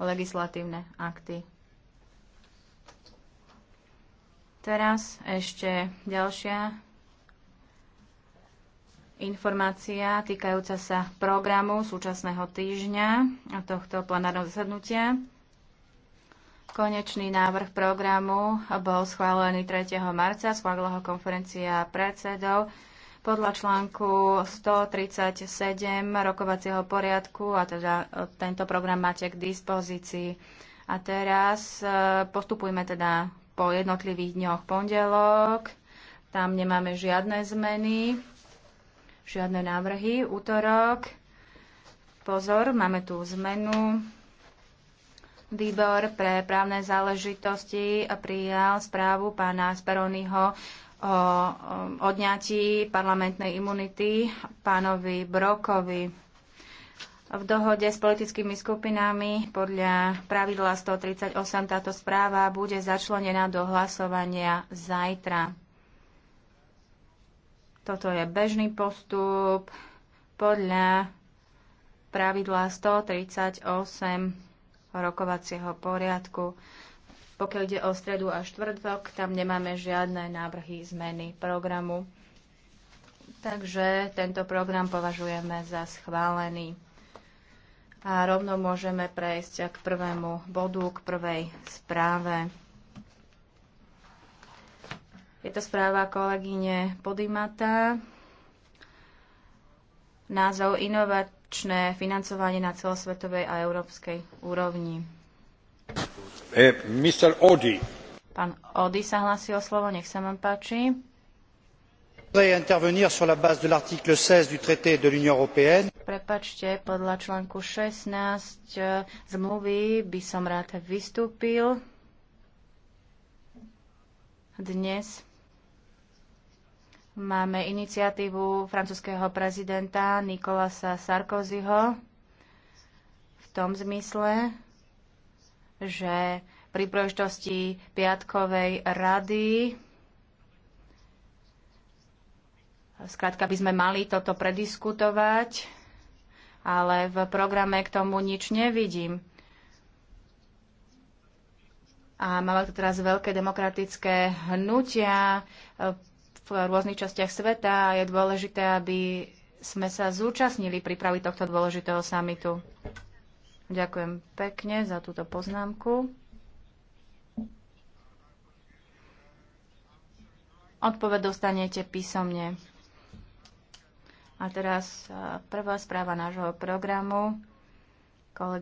legislatívne akty. Teraz ešte ďalšia informácia týkajúca sa programu súčasného týždňa a tohto plenárneho zasadnutia. Konečný návrh programu bol schválený 3. marca, schválila ho konferencia predsedov podľa článku 137 rokovacieho poriadku a teda e, tento program máte k dispozícii. A teraz e, postupujme teda po jednotlivých dňoch pondelok. Tam nemáme žiadne zmeny, žiadne návrhy. Útorok. Pozor, máme tu zmenu. Výbor pre právne záležitosti prijal správu pána Speronyho o odňatí parlamentnej imunity pánovi Brokovi. V dohode s politickými skupinami podľa pravidla 138 táto správa bude začlenená do hlasovania zajtra. Toto je bežný postup podľa pravidla 138 rokovacieho poriadku. Pokiaľ ide o stredu a štvrtok, tam nemáme žiadne návrhy zmeny programu. Takže tento program považujeme za schválený. A rovno môžeme prejsť k prvému bodu, k prvej správe. Je to správa kolegyne Podimata. Názov Inovačné financovanie na celosvetovej a európskej úrovni. E, Pán Odi sa hlasí o slovo, nech sa vám páči. Prepačte, podľa článku 16 e, zmluvy by som rád vystúpil dnes. Máme iniciatívu francúzského prezidenta Nikolasa Sarkozyho v tom zmysle, že pri príležitosti piatkovej rady Skrátka by sme mali toto prediskutovať, ale v programe k tomu nič nevidím. A máme tu teraz veľké demokratické hnutia eh, v rôznych častiach sveta a je dôležité, aby sme sa zúčastnili prípravy tohto dôležitého samitu. Ďakujem pekne za túto poznámku. Odpoveď dostanete písomne. A teraz eh, prvá správa nášho programu. Kolega